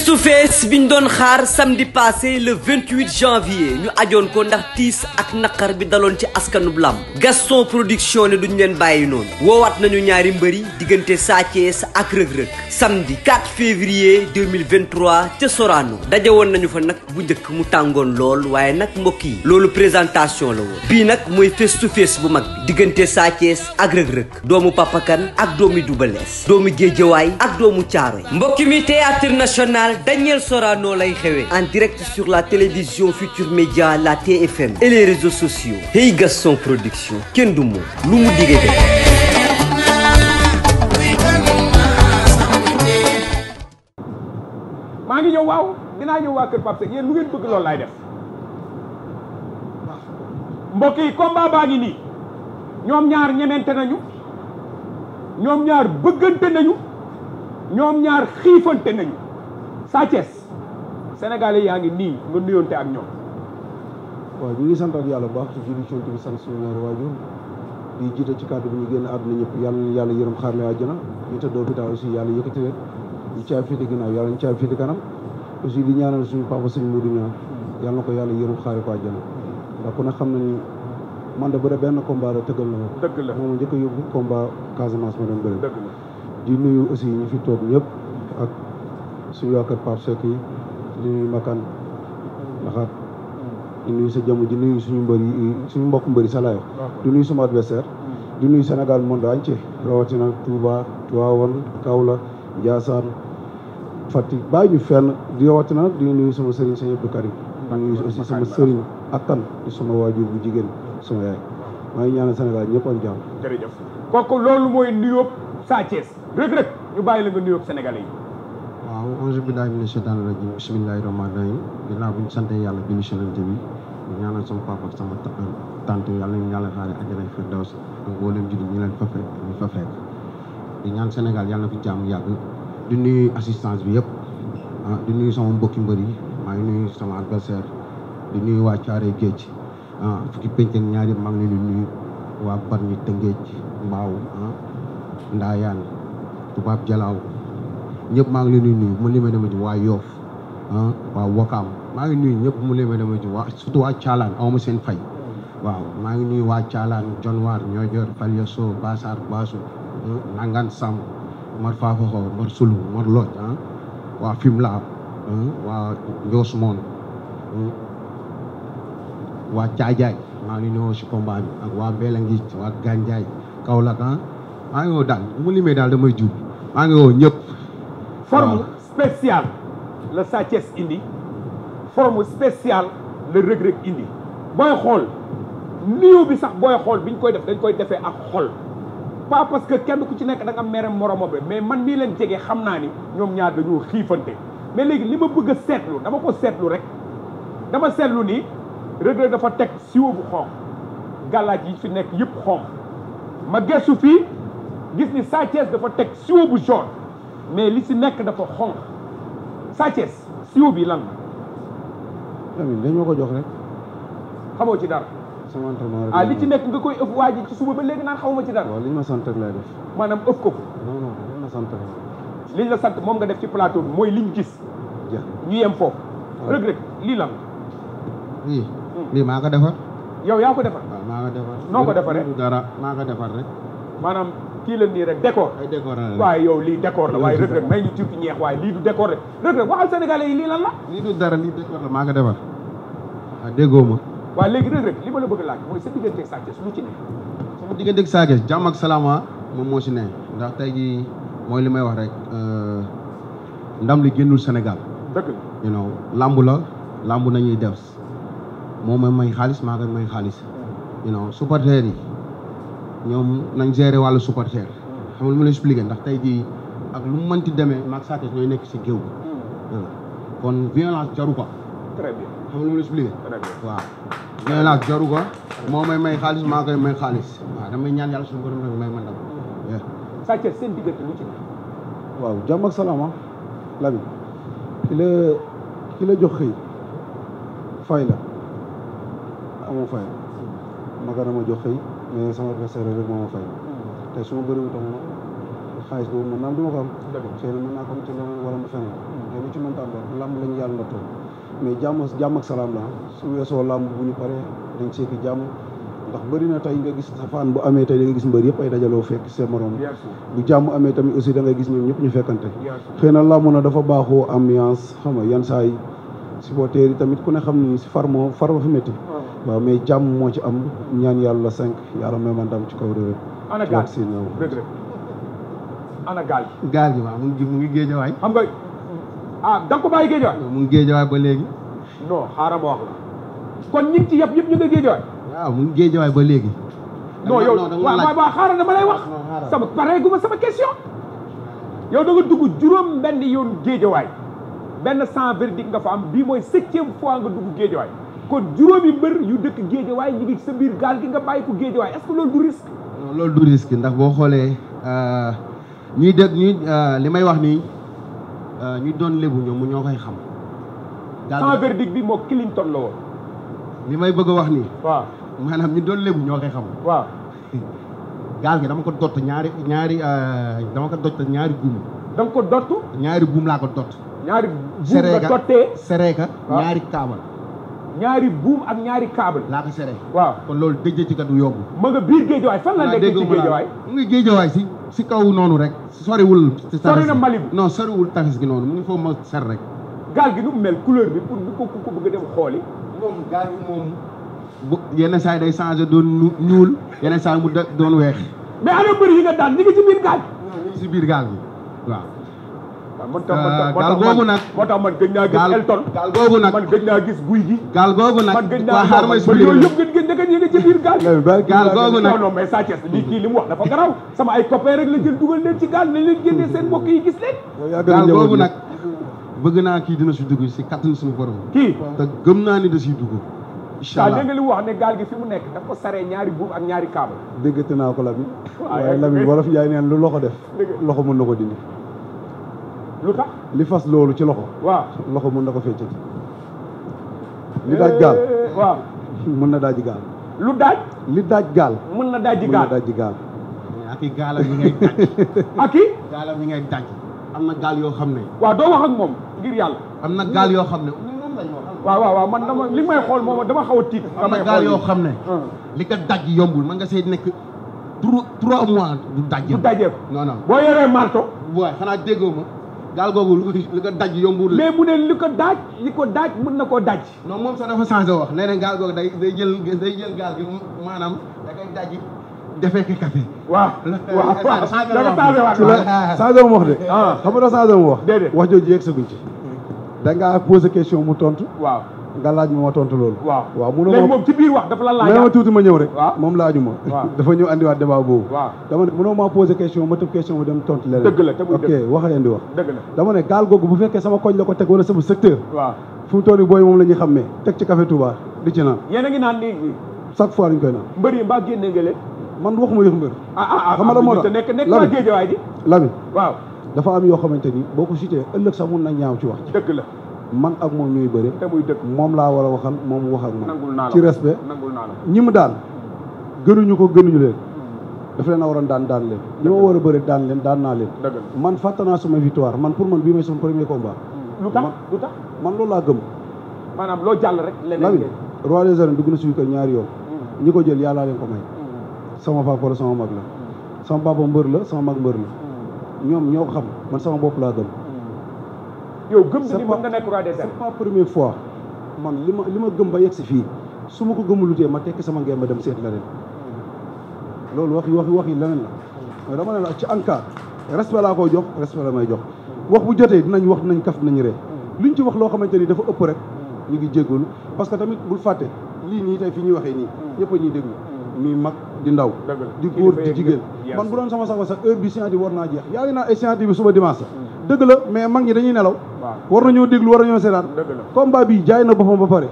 face to bi ñu doon xaar samedi passé le 28 janvier ñu ajoon ko ndax tiis ak naqar bi daloon ci askanu làmb Gaston production ne duñ leen bàyyi noonu woowaat nañu ñaari mbëri diggante Sa Thiès ak Reug Reug samedi 4 février 2023 ca Sorano daje woon nañu fa nag bu njëkk mu tàngoon lool waaye nag mbokk yi loolu présentation la woon bii nag mooy face to bu mag bi diggante Sa Thiès ak Reug Reug doomu Papa ak doomi Double Less doomu Guédiawaye ak doomu Thiaroye yi mi salle Daniel Sorano lay xewee en direct sur la télévision Futur Média la TFM et les réseaux sociaux Hey Gaston Production kenn du moom lu mu digee de maa ngi ñëw waaw dinaa ñëw waa Kër Pape Seck ngeen bëgg loolu laay def mbokk ngi nii ñoom ñaar ñemente nañu ñoom ñaar bëggante nañu ñoom ñaar xiifante nañu Sa Thiès sénégalais yaa ngi nii nga te ak ñoom. waaw ñu ngi sant ak yàlla bu baax ci julli ci bi sant suñu ñaari waajur di jiite ci kàddu bu ñu génn àdduna ñëpp yàlla na yàlla yërëm xaar la àjjana ñu tëdd hôpital aussi yàlla yëkkati we ñu caab féete ginnaaw yàlla ñu caab féete kanam aussi di ñaanal suñu papa sëñ Modou Niang yàlla na ko yàlla yërëm xaari ko àjjana ndax ku ne xam nañu man de bu dee benn combat la tëggal na ma dëgg la moom njëkk a yóbbu combat Casamance ma doon bëri di nuyu ñu fi toog ñëpp suuyaka Pape Seck yi di nuyu Makan Laxaat suñu mbër yi suñu mbokk mbër yi sa laay wax di nuyu sama adversaire di nuyu Sénégal monde entier rawatina Touba Tivaouane Kaolack Ndiassane Fatick bàyyi ñu fenn di rawatina di nuyu sama sëriñ sëñ Abdou Karim maa ngi nuyu aussi sama sëriñ ak kan sama waajur bu jigéen sama yaay maa ngi ñaanal Sénégal ñëpp am kooku loolu mooy nuyoo Sa Thiès Reug Reug ñu bàyyi la nga nuyoo yi waaw onze billahi mina shaytaani rajim bismillahi rahmaani rahim ginnaaw bi ñu sante yàlla bi ñu selante bi di ñaanal sama papa ak sama tante yàlla ñu yàlla xaare àjjana firdaws ak mboolem jullit ñi leen fa fekk ñu fa fekk di ñaan senegal yàlla na fi jàmm yàgg di nuyu assistance bi yëpp ah, di nuyu sama mbokki mbër yi maa ngi nuyu sama adversaire di nuyu waa Thiaroye Géej ah, fukki penc ak ñaari maa ngi leen di nuyu waa Bargny Tëngéej Mbaaw ah, Ndaayaan Tubaab Jalaaw ñépp maa ngi leen di nuyu mu limee dama ci waa Yoff ah, waa Wakaam maa ngi nuy ñëpp mu limee dama ci waa surtout waa Thialane aw seen fay waaw maa ngi nuy waa Thialane Dionewar Niodior Falioso Bassar Basso ah, Nangan Sam Mar Fafaxo Mar Sulu Mar Lodj ah waa Fimela ah, waa Ndios Mon waa Caajaay maa ngi nuyu si combat bi ak waa waa Gandiaye Kaolack ah maa ngi woo daal mu limee daal damay jub maa ngi woo ñëpp forme ah. spéciale la Sa indi forme spéciale la Reug indi booy xool nuyu bi sax booy xool bi ñu koy def dañ koy defee ak xool pas parce que kenn ku ci nekk da nga mere moromam mais man mii leen jege xam naa ni ñoom ñaar dañoo xiifante mais léegi li ma bëgg a seetlu dama ko seetlu rek dama seetlu nii Reug dafa teg siwo bu xonq gàllaaj yi fi nekk yëpp xonq ma gesu fii gis ni Sa dafa teg siwo bu jaune mais li si nekk dafa xonq Sa Thiès siw bi lan la dañ ma ko jox rek xamoo ci dara sama entraînement rek ah li ci nekk nga koy ëpp waa ji ci suba ba léegi naan xamuma ci dara waaw li ñu ma sant rek lay def maanaam ëpp ko non non liñ ma sant rek liñ la sant moom nga def ci plateau bi mooy ñu gis ñu yem foofu rëg rëg lii lan hmm. lii maa ko defar yow yaa ko defar waaw maa ko defar noo ko defar rek dara maa ko defar kii la nii rek décor ah, waaye yow lii décor la waaye Reug Reug may ñu tuuti ñeex waaye lii du décor rek Reug Reug waxal sénégalais yi lii lan la lii du dara lii décor la maa ko defar waaw ah, déggoo ma waaw léegi Reug Reug li ma la bëgg laaj mooy sa digganteeg Sa Thiès lu jàmm ak salaama ah, moom moo si ne ndax tey jii mooy li may wax rek euh, ndam li génnul Sénégal dëgg you la lamb nañuy def moom may may xaalis maa koy may xaalis you yi ñoom nañ gérer wàllu supporter xam nga lu expliqué ndax tey jii ak lu mu mënti demee maag Sa ñooy nekk si géew bi hmm. kon violence jaru ko très bien xam ma expliqué waaw violence jaru ko moo may may xaalis maa koy may xaalis waaw damay ñaan yàlla suñu borom rek may man dam hmm. Sa Thiès seen diggante lu ci waaw jàmm ak salaama ah. Lamine ki la jox xëy fay la amoo fay ma ma jox xëy mais sama adversaire rek moo ma fay hmm. te su ma bëriwul tam xaalis boobu mën naa am na mën naa ko am ci leneen wala ma feneen mais hmm. lu ci mais jàmm jàmm ak salaam la su weesoo làmb bu ñu paree dañ seeki jàmm ndax bëri na tey nga gis safaan bu amee tey nga gis mbër yëpp ay dajaloo fekk seen morom bu jàmm amee tamit aussi da nga gis ñoom ñëpp ñu fekkante xëy na làmb na dafa baaxoo ambiance xam nga yan saa yi supporters yi tamit ku ne xam ni si far moo far ba fi métti waaw mais jàmm moo ci am ñaan yàlla cinq yàlla may ma ndam ci kaw Reug Reug vaccine ana gaal gi gaal gi waaw mu ngi mu ngi géejawaay xam nga ah da nga géejawaay mu ngi géejawaay ba léegi non xaaral ci yëpp ñëpp ñu nga waaw mu ngi ba léegi non yow waaw waaw xaaral dama lay wax sama pare gu sama question yow da nga dugg juróom benn yoon géejawaay benn sans verdict nga fa am bii mooy septième fois nga dugg géejawaay kon juróomi mbër yu dëkk géejawaay ñu ngi sa biir gaal gi nga bàyyi ko géejawaay est-ce que loolu du risque. non loolu du risque ndax boo xoolee euh, ñuy dëkk ñuy euh, li may wax nii euh, ñu doon lébu ñoom ñoo koy xam. daal sama verdict bi moo Clinton la li may bëgg wax nii. waaw maanaam ñu doon lébu ñoo koy xam. waaw. gaal gi dama ko dott ñaari ñaari dama ko dott ñaari guum. dama ko dott. ñaari guum laa ko dott. ñaari guum la dottee sereeka ñaari kaabal. ñaari buum ak ñaari câble. laa ko seree. waaw kon loolu dëjee ci katu du yomb. ma nga biir géejawaay fan la nekkee ci géejawaay. mu ngi géejawaay si si kaw noonu rek. soriwul. sori na Mali bi non soriwul tafis gi noonu mu ngi foofu ma ser rek. gaal gi nu mel couleur bi pour bu ko ku dem xooli. moom gaal gi yenn saa yi day changé doon ñuul yenn saa yi mu doon weex. mais ana mbër yi nga daan ñu ngi ci biir gaal gi. ngi ci biir gaal gi gaal googu ah, nag moo tax man gëj naa gis Elton gaal googu nag man gëj naa gis guy gi gaal googu nag waa xaar may su yooyu yëpp gën gën njëkk a yënga ci biir gaal gaal googu nag non mais Sa Thiès li kii li mu wax dafa garaaw sama ay copain rek la jël dugal leen ci gaal nañ leen génnee seen mbokk yi gis leen gaal googu nag bëgg naa kii dina si dugg si kattan suñu borom kii te gëm naa ni da siy dugg incha allah nga li wax ne gaal gi fi mu nekk daf ko saree ñaari buub ak ñaari kaaba déggate naa ko Lamine waaye Lamine wolof Njaay neen lu loxo def loxo mën na ko dindi lu tax li fas loolu ci loxo. waaw loxo mën na ko feccati. li daaj gaal. Eh, waaw na daaji gaal. lu daaj. li daaj gaal. mën na daaji gaal mën gaal. ak i gaalam yi ngay daj. am na gaal yoo xam ne. waaw doo wax ak moom ngir yàlla. am na gaal yoo xam ne. man dama li may xool moom dama xaw a tiit. yoo xam ne. li nga daj yombul mën nga see nekk trois trois mois du daj. du dajee boo yoree marto. waaw xanaa déggoo ma. gaal googu lu ko daj yombul mais mu ne lu ko daaj li ko daaj mën na koo daj non moom sax dafa changé wax nee gaal googu day day jël day jël gaal gi maanaam da koy daj defee ki café waaw waaw waaw danga changé waat ah. changé wax de ah. xam nga changé mu wax déedéet wax jooju yegg saguñ ci hmm. da ngaa posé question mu tontu waaw nga laaj ma ma tontu loolu. waaw waaw mënoo léegi moom ci biir wax dafa la laaj. a ma ah. tuuti ma ñëw rek. waaw moom laaju ma. dafa ñëw andiwaat débat boobu. waaw dama ne mënoo maa posé question dem ko teg wala sama secteur. waaw fu mu toll nii booy naan. yéen a ngi fois dañ koy naan. mbër yi mbaa génne nga leen. man waxuma yëf mbër. ah ah ah xam nga ah, moo tax dafa am yoo xamante ni boo ko cité ëllëg sax mun na ñaaw ci wax. dëgg la man ak moom ñuy bëri. te moom laa war a waxal moom wax ak moom. ci respect ñi mu daan gënuñu ko gënuñu leen. Hmm. daf leen a waroon daan daan leen. war a bëri daan leen daan naa leen. man fàtte naa sama victoire man pour man bii may sama premier combat. Hmm. lu tax lu tax man loolu laa gëm. maanaam loo jàll rek. leneen roi des dugg na suñu kër ñaari yoon. Hmm. ñi ko jël yàllaa leen ko may. sama papa la sama mag la. sama papa mbër la sama mag mbër la. ñoom ñoo xam man sama bopp laa gëm. yow gëm nga ni mën nga nekk roi des arènes. c'est pas première fois man li ma li ma gëm ba yegg si fii su ma ko gëmulutee ma tekki sama ngeen ma dem seet leneen loolu wax wax wax yi leneen la dama ne la ci ANCAR respect laa koy jox respect la may jox wax bu jotee dinañ wax dinañ kaf dinañ ree luñ ci wax loo xamante ni dafa ëpp rek ñu ngi jégalu parce que tamit bul fàtte lii nii tey fi ñuy waxee nii ñëpp a ñuy déglu muy mag di ndaw di góor di jigéen man bu doon sama sax heure bi séance dëgg la mais mag ñi dañuy nelaw war na ñoo nañoo déglu war nañoo seetaan combat bi jaay na boppam ba pare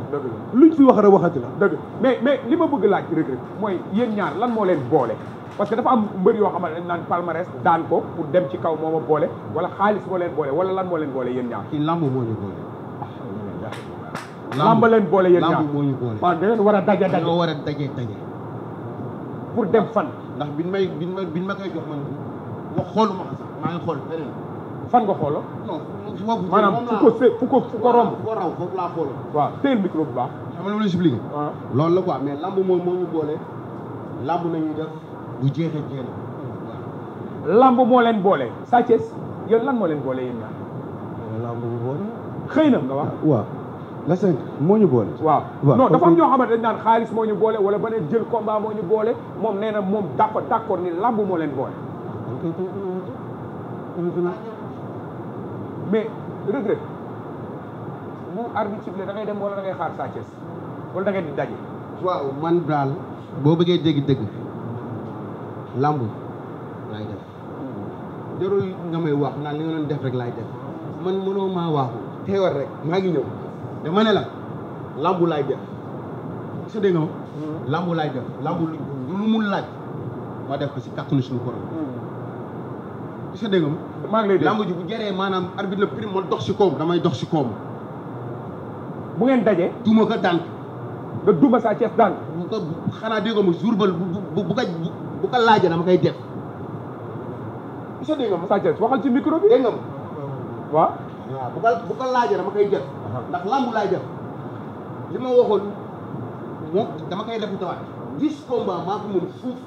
luñ fi wax rek waxati la dëgg mais mais li ma bëgg laaj Reug Reug mooy yéen ñaar lan moo leen boole parce que dafa am mbër yoo xamante ne naan palmarès daan ko pour dem ci kaw moo ma boole wala xaalis moo leen boole wala lan moo leen boole yéen ñaar ci lamb moo ñu boole lamb leen boole yéen ñaar lamb moo ñu boole waaw da war a daje daje war a daje daje pour dem fan ndax bi biñ may biñ ma biñ ma koy jox man wax xooluma sax maa ngi xool feneen fan nga xooloo. non maanaam fu ko se fu ko fu ko romb. ko raw foofu laa xooloo. waaw teel micro bu baax. xam nga lu ma expliqué. Ah. loolu la quoi mais lamb moom moo ñu boole. lamb nañu def bu jeexee jeexee. moo leen boole. Sa Thiès yow lan moo leen boole yéen ñaar. lamb bu boole. xëy na nga wax waaw. la cinq moo ñu boole. waaw non dafa am ñoo xamante dañ naan xaalis moo ñu boole wala beneen jël combat moo ñu boole moom nee na moom d' accord d' accord ni moo leen boole. mais regret bu arbitre sifflé da ngay dem wala da ngay xaar Sa Thiès wala da di daje. waaw man daal boo bëggee dégg dëgg lamb laay def jarul nga may wax naan li nga doon def rek laay def man mënoo maa waaxu war rek maa ngi ñëw dama ne la lambu laay def su dee nga lamb laay def hmm. lambu lu mu laaj ma def ko si kàttanu suñu borom hmm. gis maa ngi lay dégg lamb ji bu jëree maanaam arbitre la prime man dox si koom damay dox si koom. bu ngeen dajee. duma ko daan. nga duma saa Thiès bu ko xanaa dégg nga mu jour ba bu bu bu ko laajee dama koy def. ci micro bi. dégg nga waaw. waaw bu ko bu ko laajee dama koy def. ndax lamb laay def li ma waxoon moom dama koy def tawaat. dix maa ko mën fuuf.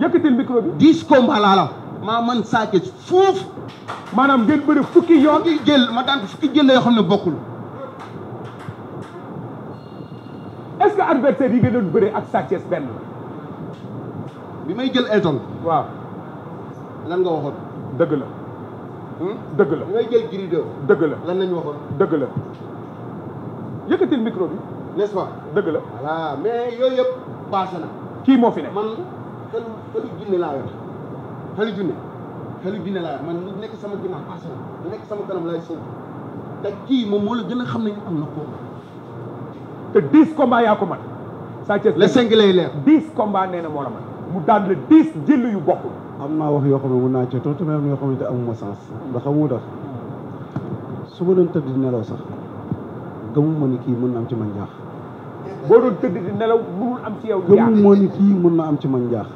yëkkatil micro bi. laa la. maa man Sa Thiès fuuf maanaam ngeen bëri fukki yoon fukki jël ma daan ko fukki jël yoo xam ne bokkul est-ce que adversaire yi nga doon bëree ak Sa Thiès benn la bi may jël Elton waaw lan nga waxoon dëgg la hmm? dëgg la bi may jël Gris 2 dëgg lan lañu waxoon dëgg la yëkkatil micro bi nest dëgg la voilà mais yooyu yëpp passé na kii moo fi ne man këlu këlu jinne laa yor xali junne xali junne man lu nekk nekk sama kanam laay séntu te kii moom moo xam ne ñu am na combat. te dix combats yaa ko mat. Sa Thiès le leer dix combats na moo la mat mu le dix jëll yu bokk. am naa wax yoo xam ne mun naa ci tontu même yoo xamante amuma sens ndax xamu tax su ma doon tëdd di nelaw sax gëmuma kii mën na am ci man jaax. boo doon tëdd di am ci yow. jaax gëmuma ni kii mën na am ci man jaax.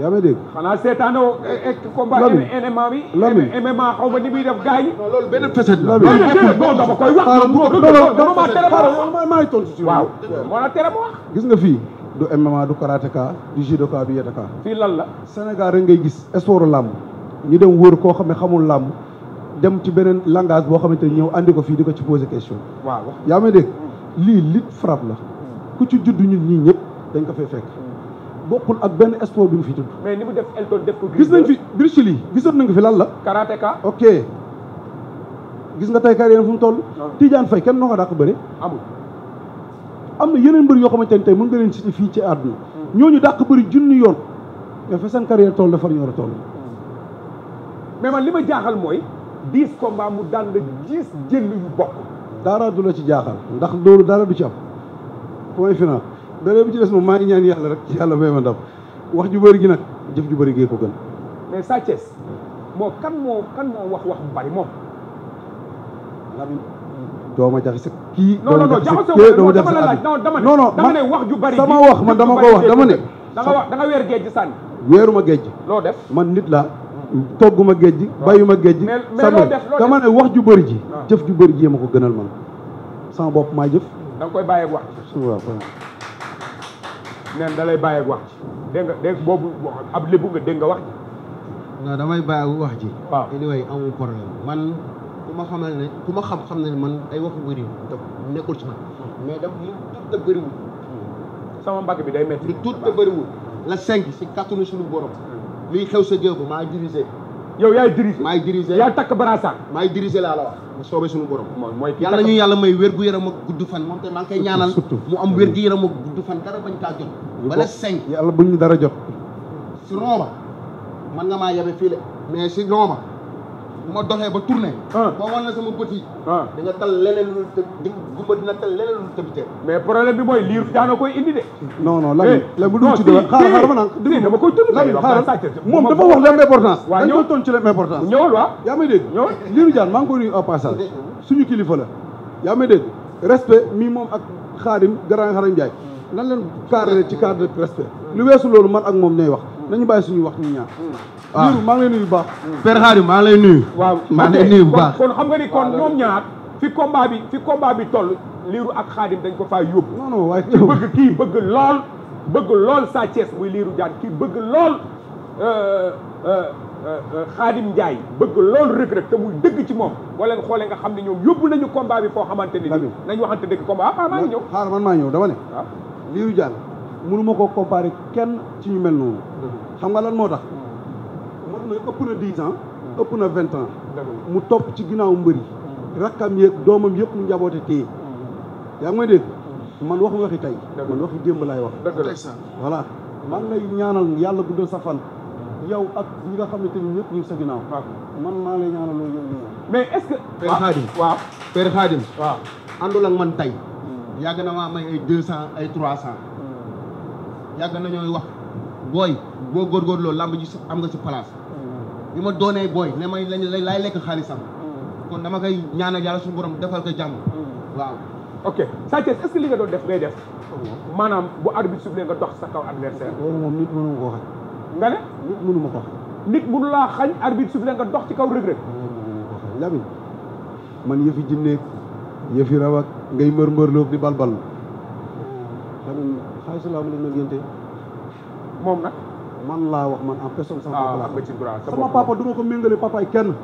yaa ma dégg xanaa seetaanoo eh, eh, combat MMA bi MMA xaw ba ni muy def gars yi loolu benn facette la non dama koy wax dama maa tere ma maay tontu si waaw moo la tere ma wax gis nga fii du MMA du karatéka du judoka du yataka fii lan la Sénégal rek ngay gis sport làmb ñu dem wër koo xam ne xamul làmb dem ci beneen langage boo xamante ne ñëw andi ko fii di ko ci poser question waaw yaa ngi dégg lii lit frappe la ku ci judd ñun ñii ñëpp dañ ko fay fekk bokkul ak benn sport bi mu fi tudd. mais ni mu def Elton def ko. gis nañ fi Bruce Lee gisoon nañ ko fi lan la. karateka ok. gis nga tey carrière fu mu toll. Tidiane Faye kenn noo ko dàq bëre. amul am na yeneen mbër yoo xamante ne tey mën nga leen cité fii ci àdduna. Hmm. ñu dàq bëri junni yoon. mais fa seen carrière toll dafa ñor a mais man li ma jaaxal mooy. dix combats mu daan la dix jël yu bokk. dara du la ci jaaxal. ndax loolu dara du ci am point final. beneen bi ci des moom maa ngi ñaan yàlla rek ci yàlla may ma ndam wax ju bari gi nag jëf ju bëri gee ko mais Sa moo kan moo kan moo wax wax bu bari moom. Lamine dooma jaxase kii. dooma jaxase kii dooma jaxase àll non non non non dama wax ju bëri sama wax ma dama ko wax dama ne. da wax da weer géej sànni. weeruma géej. loo def man nit laa. togguma géej gi bàyyuma géej gi sama dama wax ju bari ji jëf ju bëri ji ma ko gënal man sama bopp maa da koy bàyyeeg wax neen da lay bàyyi ak wax ji dégg nga dégg boobu ab lébu nga dégg nga wax ji. non damay bàyyi wax ji. waaw anyway amul problème man ku ma xamal ne ku ma xam xam ne man ay waxu bëri nekkul ci man. mais daf ñu tuut te bëriwul. sama mbagg bi day métti. lu tuut te bëriwul. la cinq si kàttanu suñu borom. Hmm. luy xew sa jéego maa dirigé. yow yaay dirigé maay dirigé yaay takk barasa maay dirigé laa la wax mu soobee suñu borom mooy yàlla ñu yàlla may wér gu yaram ak gudd fan moom te maa ngi koy ñaanal mu am wér gu yaram ak gudd fan dara bañ kaa jot wala cinq yàlla buñ ñu dara jot si rooba man nga maa yabe fii la mais si rooba bu ma ba tourné. Ah. boo wan na sama bët yi. Ah. di nga leneen lu të mais problème bi mooy liir daana koy indi de. non non Lamine. la bu dul ci dara xaaral xaaral ma naan. dégg eh, eh, dama koy tënk Lamine xaaral moom dafa wax la am importance. waaw ñëw dañ koy ci la am importance. ñëwal waaw yaa may dégg. ñëwal liiru jaan maa ngi koy nuyu au passage suñu kilifa la yaa may dégg respect mi moom ak xaadim grand xaadim Ndiaye nan leen cadré ci cadre respect lu weesu loolu man ak moom ñooy wax nañu bàyyi suñu wax ñu ñaar. Hmm. Hmm. waaw maa ngi lay nuyu bu baax. Père Khadim maa nuyu. waaw maa ngi lay nuyu baax kon xam nga ni kon ñoom ñaar fi combat bi fi combat bi toll liiru ak Khadim dañ ko faa yóbbu. non non waaye bëgg kii bëgg lool bëgg lool Sa Thiès muy liiru jaan kii bëgg lool euh, euh, euh, Khadim njaay bëgg lool Reug Reug te muy dëgg ci moom boo xoole nga xam ne ñoom yóbbu nañu combat bi foo xamante ne nii. nañu waxante dëgg combat ah, ah maa ngi ñëw. xaaral man maa ñëw dama ne. Ah. ci ñu mel noonu. xam nga lan moo tax. war na ëpp na dix ëpp na vingt ans. mu topp ci ginnaaw mbëri rakkam yeeg yëpp mu njaboote téye. yaa ngi may dégg man waxu waxi tey. man waxi démb laay wax. dëgg voilà man lay ñaanal yàlla guddal sa fan. yow ak ñi nga xamante ni ñëpp ñu ngi sa ginnaaw. man maa lay ñaanal loolu yow mais est-ce que. Père Khadim waaw Père Khadim. waaw tey. Hmm. yàgg na maa may ay deux cent ay trois cent. Hmm. yàgg nañooy wax booy boo góorgóorloo làmb ji am nga si place mm. bi ma doonee booy ne may lañ laay lekk xaalisam mm. kon dama koy ñaanal yàlla suñu borom defal ko jàmm mm. waaw ok Sa Thiès est-ce que li def ngay def maanaam bu arbitre soufflé nga dox sa kaw adversaire loolu moom nit mënu ma mënu ma ko xañ nit mënu laa xañ arbitre soufflé nga dox ci kaw Reug Reug man yëfi jinneeg yëfi rawak ngay mër mbërloof di balbal Lamine xaalisu laa mu lañ ma ngénte moom nag. man laa wax man en personne sama papa laa ah. sama papa du ma ko méngale papaay kenn.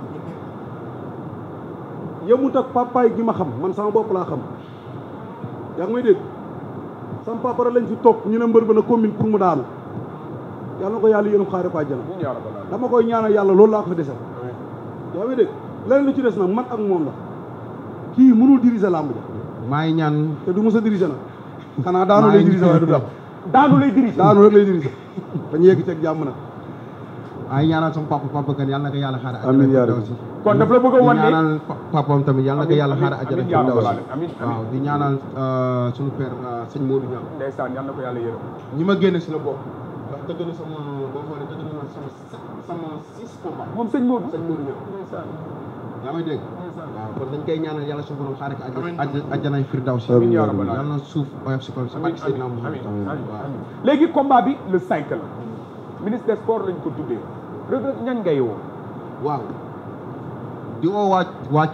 mu ak papaay gi ma xam man sama bopp laa xam. yaa ngi may dégg sama papa rek lañ fi topp ñu ne mbër ba na commune pour mu daanu yàlla ko yàlla yërëm xaare ko àjjana dama koy ñaanal yàlla loolu laa ko fi desal yaa ngi dégg leneen lu ci des na man ak moom la kii mënul diriger làmb ja maa ngi ñaan te du mos a diriger nag xanaa daanu lay diriger waaye du dab daanu lay dirige daanu rek lay dirige dañu yegg ci ak jàmm papa papa kan yàlla na ko yàlla xaar a amiin yaa rabbi kon daf la bëgg a wan ne ñaanal papaam yàlla na ko yàlla a ajjana ndaw suñu père euh, sëñ Modou Niang ndeysaan yàlla ko yàlla yërëm ñi ma génne si la bokk ndax dëgg na sama boo xoolee yaa may dégg waaw kon dañ koy ñaanal yàlla suñu borom xaare ko àjjana firdawsi yàlla na suuf oyof si kaw si barke Seydina Muhammad léegi combat bi le cinq la ministre des sports lañ ko tuddee Reug Reug ñan ngay woo waaw di woo waa waa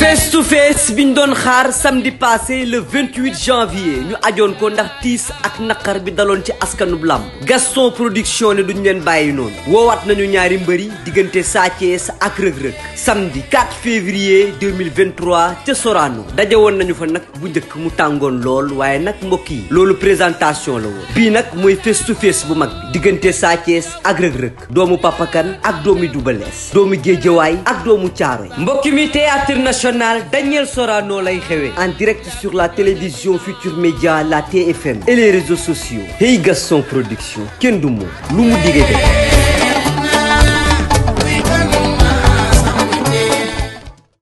face to face bi ñu doon xaar samedi passé le 28 janvier ñu ajoon ko ndax tiis ak naqar bi daloon ci askanub làmb Gaston production ne duñ leen bàyyi noonu woowaat nañu ñaari mbëri diggante Sa Thiès ak Reug Reug samedi 4 février 2023 ca Sorano daje woon nañu fa nag bu njëkk mu tàngoon lool waaye nag mbokk yi loolu présentation la woon bii nag mooy face to bu mag bi diggante Sa Thiès ak Reug Reug doomu Papa ak doomi Double Less doomu Guédiawaye ak doomu Thiaroye yi nationale Daniel Sorano lay xewee en direct sur la télévision Futur Média la TFM et les réseaux sociaux Hey Gaston Production kenn du moom lu mu diggee